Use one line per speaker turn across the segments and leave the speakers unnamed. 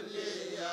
Aliya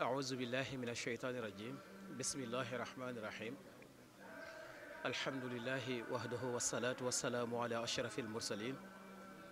أعوذ بالله من الشيطان الرجيم بسم الله الرحمن الرحيم الحمد لله وحده والصلاة والسلام على أشرف المرسلين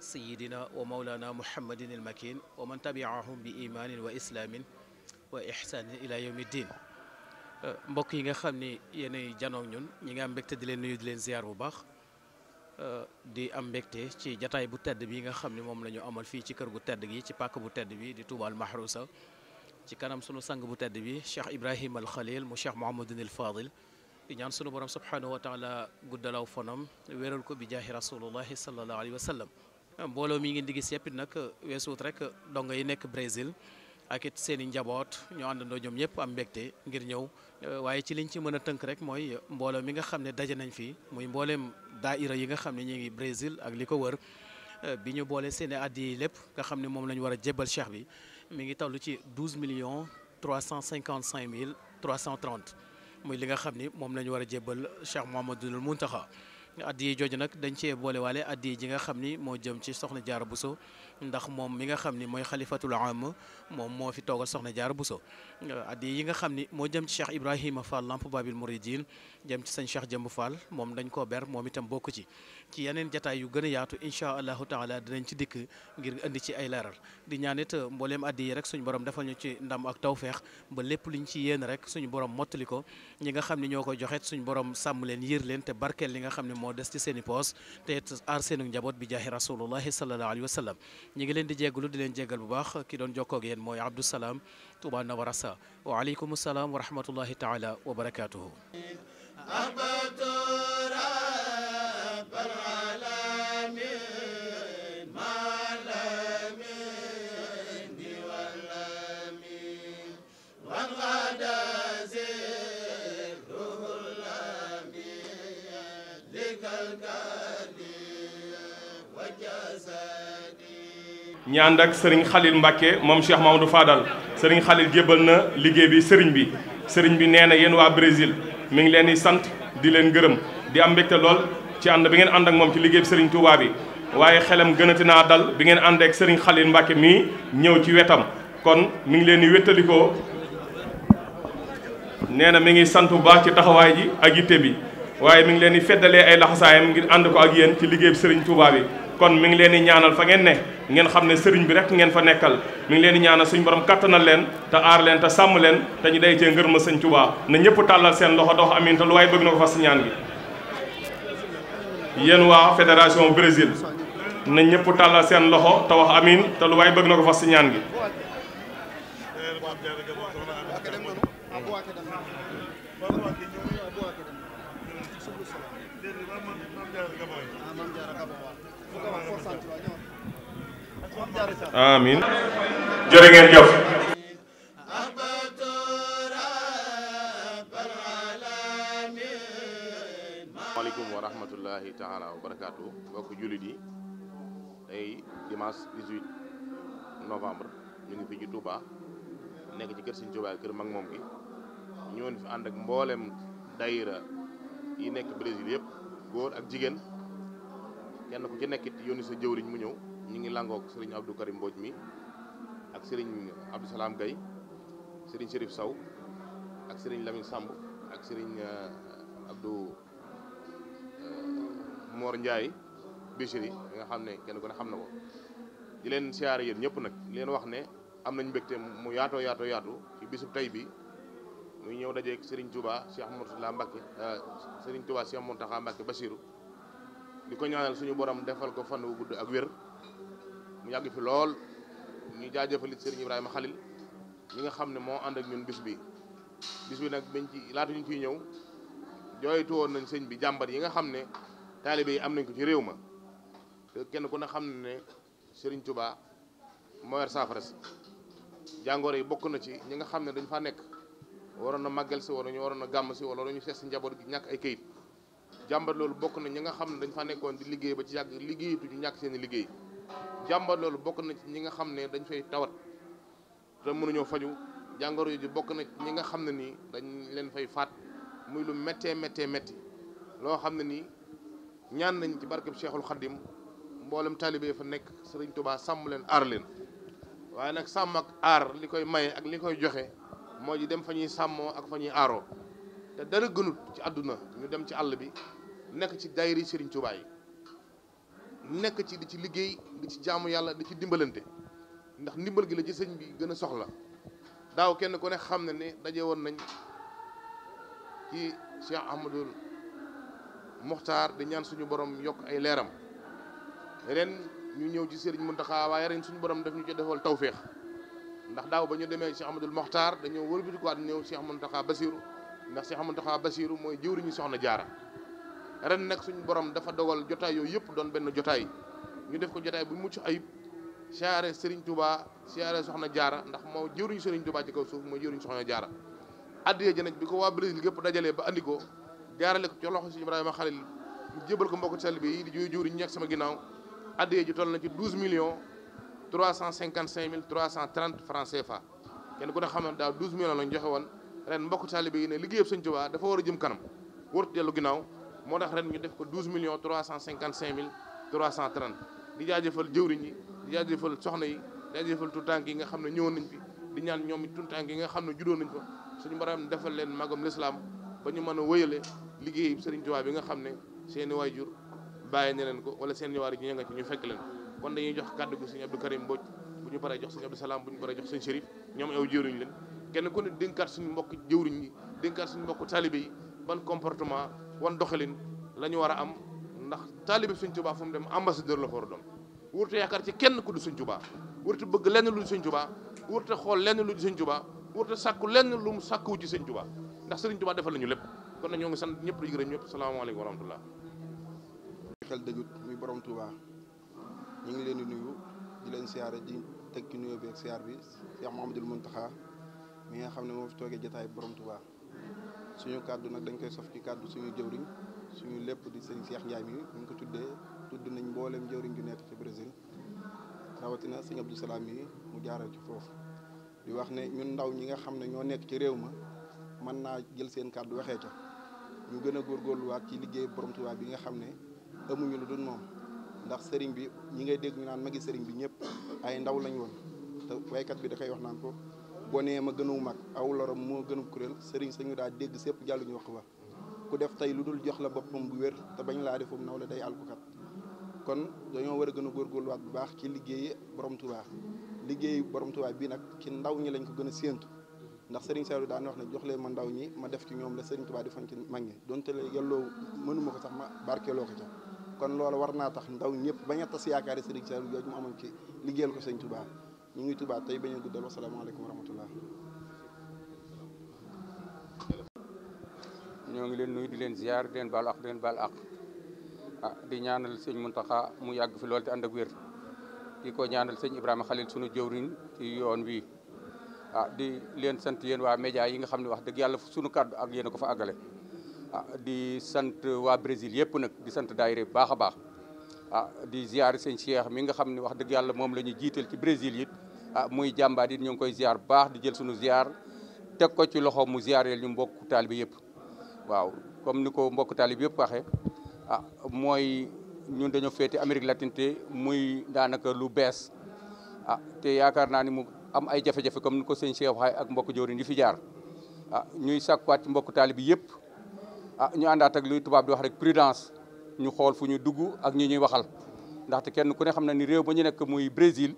سيدنا ومولانا محمد المكين ومن تبعهم بإيمان وإسلام وإحسان إلى يوم الدين أه، mbokk yi nga xam ni yéenay janoog ñun ñi nga am mbégte di leen nuyu di di am mbégte ci jataay bu tedd bi nga xam ne moom la ñu amal fii ci kër gu tedd gi ci pàkk bu tedd bi di Touba al Mahrousa ci kanam sunu sang bu tedd bi Cheikh Ibrahim al Khalil mu Cheikh Mouhamadun al Fadil di ñaan sunu borom subhanahu wa taala guddalaw fanam wéral ko bi jaahi rasulullahi sallallahu alayhi wa sallam mbooloo mi ngi digis yëpp it nag weesuut rek dongo yi nekk Brésil ak it seen i njaboot ñoo àndandoo ñoom ñëpp am mbégte ngir ñëw waaye ci liñ ci mën a tënk rek mooy mbooloo mi nga xam ne daje nañ daa daaira yi nga xam ne ñu ngi Brésil ak li ko wër euh, bi ñu boole seen addi lépp nga xam ne moom la ñu war a jébbal cheikh bi mi ngi tollu ci 12 millions 355 mille 330 muy li nga xam ni moom la ñu war a jébbal cheikh Mouhamadoul Mountakha addiya jooju nag dañ cee boolewaale addiya ji nga xam ni moo jëm ci soxna Diarra Bousso ndax moom mi nga xam ni mooy xalifatul am moom moo fi toogal soxna Diarra Bousso addiya yi nga xam ni moo jëm ci Cheikh Ibrahima Fall Lamp Babil Mouridine jëm ci sëñ Cheikh Jëmb Fall moom dañ koo ber moom itam bokk ci ci yeneen jataay yu gën a yaatu incha allahu taala dinañ ci dikk ngir indi ci ay leeral di ñaan it mbooleem rek suñu borom defal ñu ci ndam ak tawfeex ba lépp liñ ci yéen rek suñu borom mottali ñi nga xam ni joxet suñu borom sàmm leen yër leen te barkeel li nga xam moo des ci seen i poos te it aar seenu njaboot bi jaahi rasulullahi sallallahu alayhi wa sallam ñi ngi leen di jéggalu di leen jéggal bu baax ki doon jokkoo ak yéen mooy Abdou Salam Touba Nawarasa wa aleykum salaam wa rahmatullahi taala
ñi ànd ak sëriñ Khalil Mbacke moom Cheikh Mamadou Fadal sëriñ Khalil jébbal na liggéey bi sëriñ bi sëriñ bi nee na yéen waa Brésil mi ngi leen di sant di leen gërëm di am mbégte lool ci ànd bi ngeen ànd ak moom ci liggéey bi sëriñ Touba bi. waaye xelam gënati naa dal bi ngeen ànd ak sëriñ Khalil Mbacke mii ñëw ci wetam kon mi ngi leen di wéttalikoo nee na mi ngi sant bu baax ci taxawaay ji ak yitte bi waaye mi ngi leen di feddalee ay laxasaayam ngir ànd ko ak yéen ci liggéey bi sëriñ Touba kon mi ngi leen di ñaanal fa ngeen ne ngeen xam ne sëriñ bi rek ngeen fa nekkal mi ngi leen di ñaanal suñu borom kattanal leen te aar leen te sàmm leen te ñu day cee ma sëñ Tuubaa na ñëpp tàllal seen loxo dox amin te lu waaye bëgg na ko fas ñaan gi yéen waa fédération Brésil na ñëpp tàllal seen loxo te wax amin te lu waaye bëgg na ko fas ñaan gi Amin. jërë ngeen assalamualaikum warahmatullahi taala wabarakatuh. barakaatu Juli di, eh, dimas dimanche 18 novembre ñu ngi fi ci Touba nekk ci kër Sëñ Touba kër mag moom gi ñëwoon fi ànd ak kenn ku ci nekkit yónni sa jëwriñ mu ñëw ñu ngi langook sëriñ Abdou kari Mbodj mi ak sëriñ Abdou Salaam Gaye sëriñ Chérif saw ak sëriñ Lamine Samb ak sëriñ euh, Abdou euh, Mor Ndiaye Bichiri yi nga xam ne kenn ku ne xam na ko di leen siyaare yéen ñëpp nag leen wax ne am nañ mbégte mu yaatoo yaatoo yaatu ci bisub tey bi muy ñëw dajeeg sëriñ Touba Cheikh Mourtada Mbacké euh, sëriñ Touba Cheikh Mourtada Mbacké Bassirou di ko ñaanal suñu borom defal ko fan wu gudd ak wér mu yàgg fi lool ñu jaajëfalit Serigne Ibrahima Khalil ñi nga xam ne moo ànd ak ñun bis bi bis bi nag bañ ci laata ñu ciy ñëw jooytu woon nañ sëñ bi jàmbat yi nga xam ne taalibe yi am nañ ko ci réew ma te kenn ku a xam ne sëriñ tubaa moo saafara si jàngoor yi bokk na ci ñi nga xam ne dañ faa nekk waroon na màggal si waroon a gàmm si wala ñu seet si njaboot gi ñàkk ay kayit jàmbat loolu bokk na ñi nga xam ne dañ fa nekkoon di liggéey ba ci yàgg liggéeyatu ñu ñàkk seen i liggéey jàmbat loolu bokk na ci ñi nga xam ne dañ fay tawat te mënuñoo faju jàngoro ji bokk na ci ñi nga xam ne nii dañ leen fay faat muy lu méttee méttee métti loo xam ne nii ñaan nañ ci barkeb seexul Khadim mboolem taalibe fa nekk Sëriñ Tuubaa sàmm leen aar leen waaye nag sàmm ak aar li koy maye ak li koy joxe moo ji dem fa ñuy sàmmoo ak fa ñuy aaroo te dara gënut ci àdduna ñu dem ci àll bi nekk ci daayiri Serigne Touba yi nekk ci di ci liggéey di ci jaamu yàlla di ci dimbalante ndax ndimbal gi la ci sëñ bi gën a soxla daaw kenn ko ne xam na ne daje woon nañ ci Cheikh Ahmadul Mokhtar di ñaan suñu borom yokk ay leeram ren ñëw ci Serigne Mountakha waaye ren suñu borom daf ñu ci defal tawféex ndax daaw ba ñu demee Cheikh Ahmadul Mokhtar dañoo wëlbatiku waat ñëw Cheikh Mountakha Bassirou ndax Cheikh Mountakha Bassirou mooy jëwriñu soxna jaara ren nag suñu borom dafa dogal jotaay yooyu yëpp doon benn jotaay ñu def ko jotaay bu mucc ayib siyaare Serigne Touba siyaare Soxna Jaara ndax moo jëwriñ Serigne Touba ci kaw suuf moo jëwriñ Soxna Jaara addiya ji nag bi ko waa Brésil yëpp dajalee ba andi ko jaarale ko ci loxo si Ibrahima Khalil mu jébal ko mbokk sell bi di ñekk sama ginnaaw addiya ji toll na ci 12 millions 355 mille 330 francs CFA kenn ku ne xam ne daaw 12 millions lañ joxe woon ren mbokk taalibe yi ne liggéeyam Sëñ Tuubaa dafa war a jëm kanam wërtu dellu ginnaaw moo tax ren ñu def ko 12 millions 355 mille 330 di jaajëfal jëwriñ yi di jaajëfal soxna yi di jaajëfal tuutànk yi nga xam ne ñëwoon nañ fi di ñaan ñoom it tuutànk yi nga xam ne juróom nañ ko suñu borom defal leen magam lislaam ba ñu mën a wëyale liggéey Sëriñ Tuubaa bi nga xam ne seeni waajur bàyyi na leen ko wala seen ñëwaar ji nga ci ñu fekk leen kon dañuy jox kàddu gu Sëriñ Abdou Karim Mbodj bu ñu paree jox Sëriñ Abdou Salaam bu ñu paree jox Sëriñ Chérif ñoom aw jëwriñ leen kenn ku ne dénkaat suñu mbokk jëwriñ yi dénkaat suñu mbokk talibé yi ban comportement wan doxalin la ñu war a am ndax taalibi Sëñ Tuubaa fu mu dem ambassadeur la fa war a doon wurta yaakaar ci kenn ku du Sëñ Tuubaa wurta bëgg lenn lu du Sëñ Tuubaa wurta xool lenn lu du Sëñ Tuubaa wurta sàkku lenn lu mu sàkkuwu ci Sëñ Tuubaa ndax Sëriñ Tuubaa defal nañu lépp kon nag ñoo ngi sant ñëpp di gërëm ñëpp salaamaaleykum wa rahmatullah
xel dëggut muy borom Touba ñu ngi leen di nuyu di leen siyaare di teg ci nuyoo bi ak siyaar bi Cheikh Mouhamadoul Mountakha mi nga xam ne moo fi toogee jotaay borom suñu kàddu nag dañ koy sof ci kàddu suñu jëwriñ suñu lépp di seen Cheikh Ndiaye mi ñu ko tuddee tudd nañ mbooleem jëwriñ ju nekk ci Brésil rawatina sëñ Abdou Salaam mu jaaral ci foofu di wax ne ñun ndaw ñi nga xam ne ñoo nekk ci réew ma mën naa jël seen kàddu waxee ca ñu gën a góorgóorluwaat ci liggéey borom Tuubaa bi nga xam ne amuñu lu dul moom ndax sëriñ bi ñi ngay dégg ñu naan magi sëriñ bi ñëpp ay ndaw lañ woon te waykat bi da wax naan ko boo nee ma gënu mag aw lorom moo gën gënu kuréel sëriñ sañu daa dégg sépp jàlluñu wax ba ku def tey lu dul jox la boppam bu wér te bañ laa defum naw la day alkukat kon dañoo war a gën a góorgóorluwaat bu baax ci liggéey borom Tuubaa liggéey borom bii nag ci ndaw ñi lañ ko gën a séentu ndax Serigne Saliou daan wax ne jox leen ma ndaw ñi ma def ci ñoom la Serigne Touba defoon ci mag ñi donte la yelloo mënuma ko sax ma barkeeloo ko ca kon loolu war naa tax ndaw ñëpp bañ a tas yaakaari Serigne Saliou yooyu mu ci liggéeyal ko Serigne Touba ñu ngi Touba tey ba a guddal wasalaamaaleykum
wa rahmatullah ñoo ngi leen nuyu di leen ziar di leen baal ak di leen baal ak ah di ñaanal sëñ Muntaxa mu yàgg fi lool te ànd ak wér di ko ñaanal sëñ Ibrahima Khalil sunu jëwriñ ci yoon wi ah di leen sant yéen waa média yi nga xam ne wax dëgg yàlla sunu kàddu ak yéen a ko fa àggale ah di sant waa Brésil yëpp nag di sant daayira bu baax a baax ah di ziar sëñ Cheikh mi nga xam ne wax dëgg yàlla moom la ñuy jiital ci Brésil yit a ah, muy jàmbaar it ñu ngi koy ziar baax di jël suñu ziar teg ko ci loxo mu ziareel ñu mbokk taalibe yëpp waaw comme ni ko mbokk taalibe yëpp waxee ah, mooy ñun dañoo féete Amérique latine te muy daanaka lu bees ah te yaakaar naa ni mu am ay jafe comme ni ko sëñ Cheikh ak mbokk joorin yi fi jaar a ah, ñuy sàkkuwaat ci mbokk taalibe yëpp ah ñu àndaat ak luy tubaab di wax rek prudence ñu xool fu ñu dugg ak ñi ñuy waxal ndaxte kenn ku ne xam na ni réew ba ñu nekk muy Brésil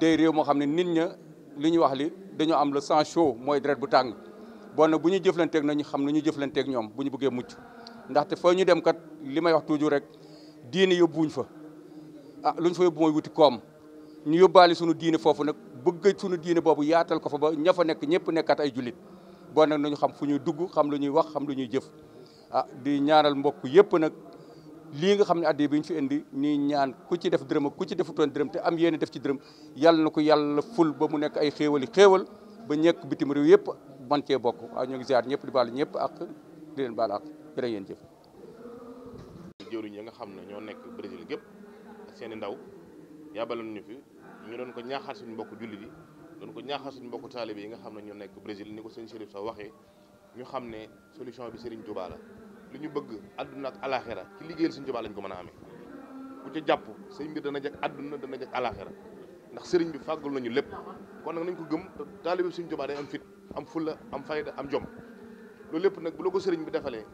day réew moo xam ne nit ña li ñu wax li dañoo am le sang chaud mooy deret bu tàng bon na bu ñu jëflanteeg nañu xam ne ñu jëflanteeg ñoom bu ñu buggee mujj ndaxte fa ñu dem kat li may wax toujours rek diine yóbbuwuñ fa ah luñ fa yóbbu wuti koom ñu yóbbaale suñu diine foofu nag bëgg suñu diine boobu yaatal ko fa ba ña nekk ñëpp nekkat ay jullit bon nag nañu xam fu ñuy dugg xam la ñuy wax xam lu ñuy jëf ah di ñaanal mbokk yëpp nag lii nga xam ne addi bi ñu fi indi nii ñaan ku ci def dërëm ak ku ci defutoon dërëm te am yéene def ci dërëm yàlla na ko yàlla ful ba mu nekk ay xéewali xéewal ba ñekk bitim réew yëpp man cee bokk waaw ñoo ngi ñëpp di baal ñëpp ak di leen baal ak jërë ngeen jëf
jëwriñ yi nga xam ne ñoo nekk Brésil gépp ak seen i ndaw yabaloon ñu fi ñu doon ko ñaaxal suñu mbokk jullit yi doon ko ñaaxal suñu mbokk taalibe yi nga xam ne ñoo nekk Brésil ni ko sëñ Chérif sax waxee ñu xam ne solution bi Serigne Touba la li ñu bëgg àdduna ak alaxira ci liggéeyal Sëriñ Tuubaa lañ ko mën a amee ku ci jàpp say mbir dana jag àdduna dana jag alaxira ndax sëriñ bi fàggul nañu lépp kon nag nañ ko gëm te taalibe Sëriñ Tuubaa day am fit am fulla am fayda am jom loolu lépp nag bu la ko sëriñ bi defalee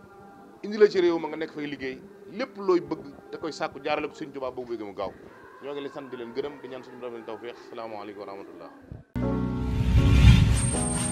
indi la ci réew ma nga nekk fay liggéey lépp looy bëgg te koy sàkku jaarale ko Sëriñ Tuubaa boobu bëgg mu gaaw ñoo ngi leen sant leen gërëm di ñaan suñu borom leen tawfeex salaamaaleykum wa